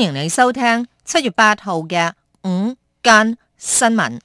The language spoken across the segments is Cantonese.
歡迎你收聽七月八號嘅午間新聞。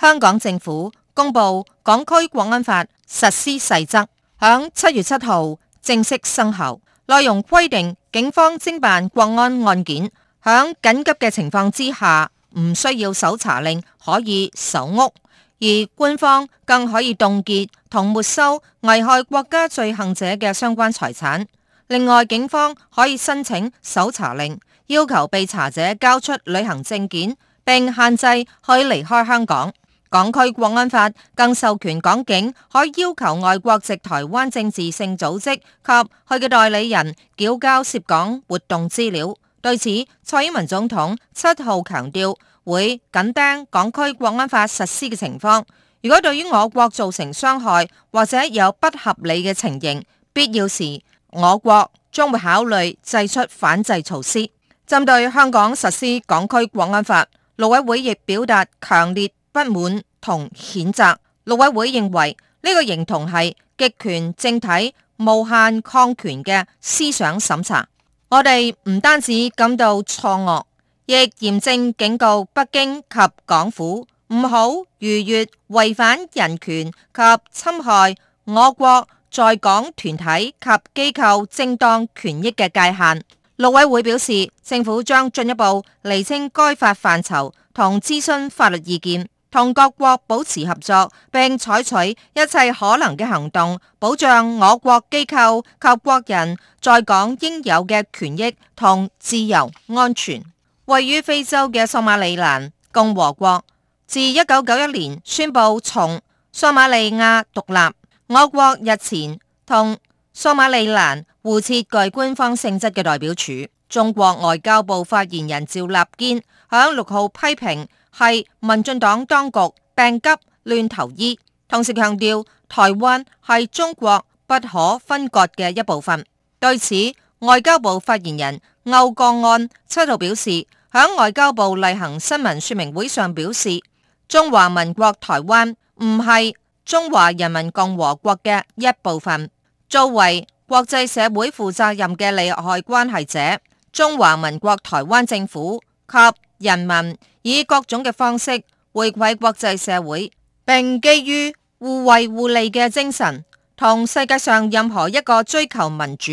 香港政府公布港區國安法實施細則，響七月七號正式生效。內容規定，警方偵辦國安案件，響緊急嘅情況之下，唔需要搜查令可以搜屋，而官方更可以凍結同沒收危害國家罪行者嘅相關財產。另外，警方可以申請搜查令。要求被查者交出旅行證件，並限制佢離開香港。港區國安法更授權港警可以要求外國籍台灣政治性組織及佢嘅代理人繳交涉港活動資料。對此，蔡英文總統七號強調，會緊盯港區國安法實施嘅情況。如果對於我國造成傷害或者有不合理嘅情形，必要時我國將會考慮祭出反制措施。針對香港實施港區國安法，陸委會亦表達強烈不滿同譴責。陸委會認為呢、這個形同係極權政體無限抗權嘅思想審查。我哋唔單止感到錯愕，亦嚴正警告北京及港府唔好逾越違反人權及侵害我國在港團體及機構正當權益嘅界限。陸委會表示，政府將進一步厘清該法範疇，同諮詢法律意見，同各國保持合作，并采取一切可能嘅行動，保障我國機構及國人在港應有嘅權益同自由安全。位於非洲嘅索馬利蘭共和國，自一九九一年宣布從索馬利亞獨立。我國日前同索馬利蘭互設具官方性質嘅代表處。中國外交部發言人趙立堅響六號批評係民進黨當局病急亂投醫，同時強調台灣係中國不可分割嘅一部分。對此，外交部發言人歐國安七號表示，響外交部例行新聞說明會上表示，中華民國台灣唔係中華人民共和國嘅一部分。作為國際社會負責任嘅利害關係者，中華民國台灣政府及人民以各種嘅方式回饋國際社會，并基於互惠互利嘅精神，同世界上任何一個追求民主、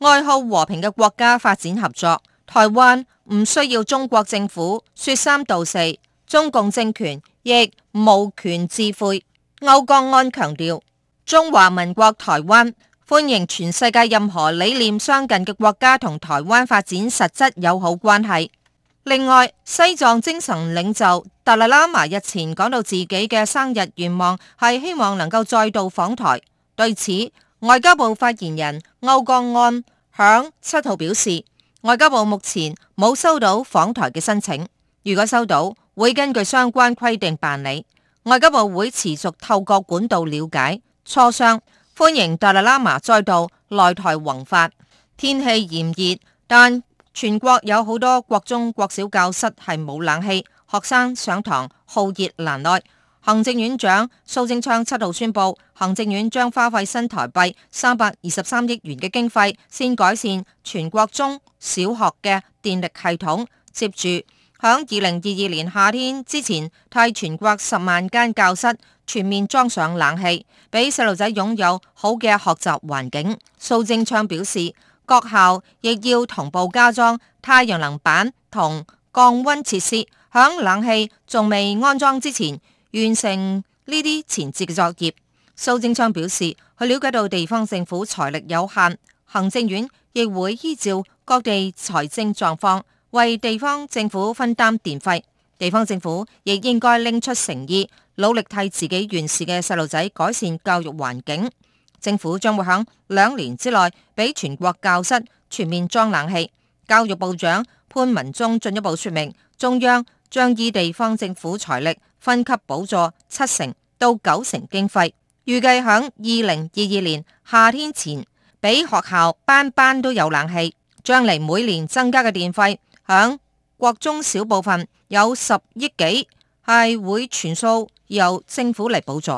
愛好和平嘅國家發展合作。台灣唔需要中國政府說三道四，中共政權亦無權置喙。歐江安強調，中華民國台灣。歡迎全世界任何理念相近嘅國家同台灣發展實質友好關係。另外，西藏精神領袖達賴喇嘛日前講到自己嘅生日願望係希望能夠再度訪台。對此，外交部發言人歐江安響七號表示，外交部目前冇收到訪台嘅申請，如果收到，會根據相關規定辦理。外交部會持續透過管道了解磋商。歡迎達賴喇嘛再度來台弘法。天氣炎熱，但全國有好多國中、國小教室係冇冷氣，學生上堂酷熱難耐。行政院長蘇貞昌七號宣布，行政院將花費新台幣三百二十三億元嘅經費，先改善全國中小學嘅電力系統。接住。響二零二二年夏天之前，替全國十萬間教室全面裝上冷氣，俾細路仔擁有好嘅學習環境。蘇貞昌表示，各校亦要同步加裝太陽能板同降溫設施，響冷氣仲未安裝之前，完成呢啲前置嘅作業。蘇貞昌表示，佢了解到地方政府財力有限，行政院亦會依照各地財政狀況。為地方政府分擔電費，地方政府亦應該拎出誠意，努力替自己原氏嘅細路仔改善教育環境。政府將會響兩年之內，俾全國教室全面裝冷氣。教育部長潘文忠進一步說明，中央將依地方政府財力分級補助七成到九成經費，預計響二零二二年夏天前，俾學校班班都有冷氣。將嚟每年增加嘅電費。響國中小部分有十億幾，係會全數由政府嚟補助。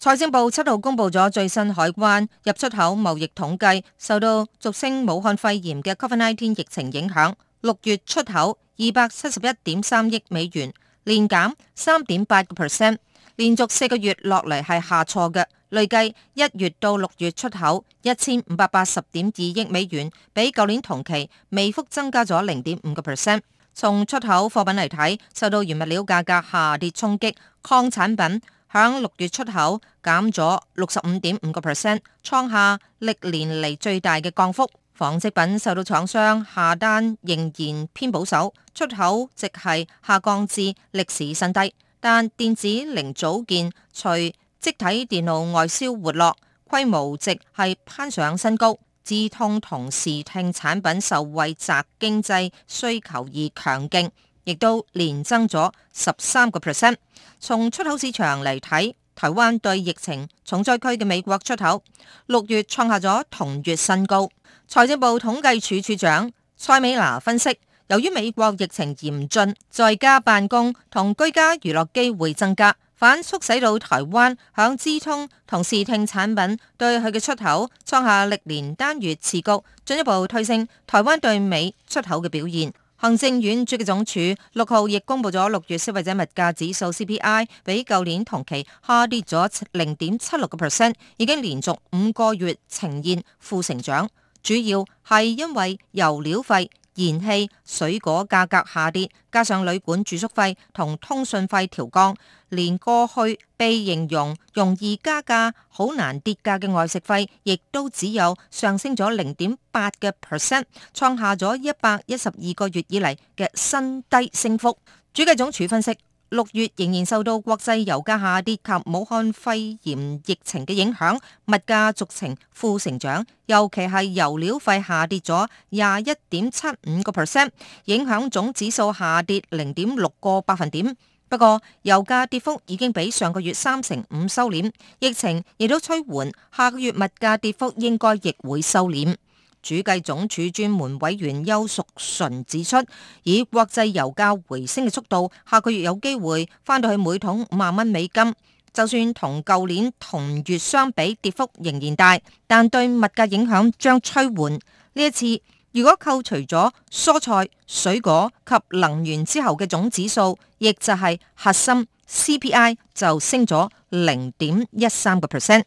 財政部七號公布咗最新海關入出口貿易統計，受到俗稱武漢肺炎嘅 COVID-19 疫情影響，六月出口二百七十一點三億美元，年減三點八個 percent，連續四個月落嚟係下挫嘅。累計一月到六月出口一千五百八十點二億美元，比舊年同期微幅增加咗零點五個 percent。從出口貨品嚟睇，受到原物料價格下跌衝擊，礦產品響六月出口減咗六十五點五個 percent，創下歷年嚟最大嘅降幅。紡織品受到廠商下單仍然偏保守，出口值係下降至歷史新低。但電子零組件隨積體電路外銷活絡，規模值係攀上新高。智通同視聽產品受惠宅經濟需求而強勁，亦都連增咗十三個 percent。從出口市場嚟睇，台灣對疫情重災區嘅美國出口，六月創下咗同月新高。財政部統計處處長蔡美娜分析，由於美國疫情嚴峻，在家辦公同居家娛樂機會增加。反促使到台灣響資通同視聽產品對佢嘅出口創下歷年單月次高，進一步推升台灣對美出口嘅表現。行政院主計總處六號亦公布咗六月消費者物價指數 CPI，比舊年同期下跌咗零點七六個 percent，已經連續五個月呈現負成長，主要係因為油料費。燃氣、水果價格下跌，加上旅館住宿費同通訊費調降，連過去被形容容易加價、好難跌價嘅外食費，亦都只有上升咗零點八嘅 percent，創下咗一百一十二個月以嚟嘅新低升幅。主計總處分析。六月仍然受到國際油價下跌及武漢肺炎疫情嘅影響，物價續呈負成長，尤其係油料費下跌咗廿一點七五個 percent，影響總指數下跌零點六個百分點。不過，油價跌幅已經比上個月三成五收斂，疫情亦都趨緩，下個月物價跌幅應該亦會收斂。主計總處專門委員邱淑純指出，以國際油價回升嘅速度，下個月有機會返到去每桶五萬蚊美金。就算同舊年同月相比，跌幅仍然大，但對物價影響將趨緩。呢一次，如果扣除咗蔬菜、水果及能源之後嘅總指數，亦就係核心 CPI 就升咗零點一三個 percent。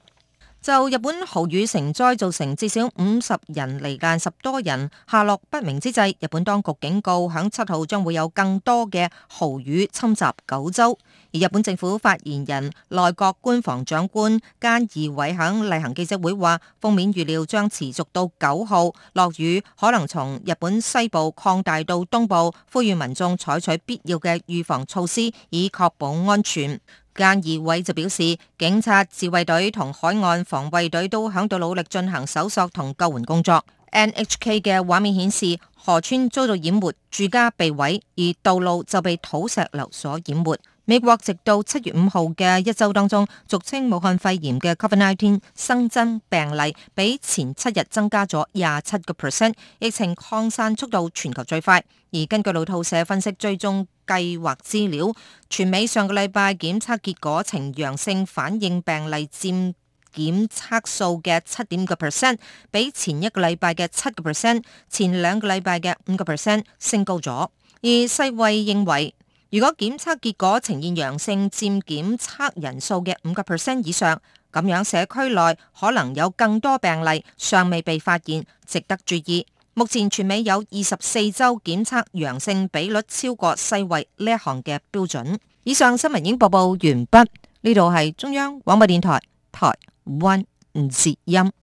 就日本豪雨成災，造成至少五十人罹難，十多人下落不明之際，日本當局警告，響七號將會有更多嘅豪雨侵襲九州。而日本政府發言人內閣官房長官菅義偉響例行記者會話，鋒面預料將持續到九號，落雨可能從日本西部擴大到東部，呼籲民眾採取必要嘅預防措施，以確保安全。菅義偉就表示，警察、自衛隊同海岸防衛隊都喺度努力進行搜索同救援工作。NHK 嘅畫面顯示，河川遭到淹沒，住家被毀，而道路就被土石流所淹沒。美國直到七月五號嘅一周當中，俗稱武漢肺炎嘅 COVID-19 新增病例比前七日增加咗廿七個 percent，疫情擴散速度全球最快。而根據路透社分析追蹤計劃資料，全美上個禮拜檢測結果呈陽性反應病例佔檢測數嘅七點五個 percent，比前一個禮拜嘅七個 percent，前兩個禮拜嘅五個 percent 升高咗。而世衛認為，如果檢測結果呈現陽性占檢測人數嘅五個 percent 以上，咁樣社區內可能有更多病例尚未被發現，值得注意。目前全美有二十四州檢測陽性比率超過世衛呢一行嘅標準。以上新聞已經播報完畢，呢度係中央廣播電台，台灣吳哲音。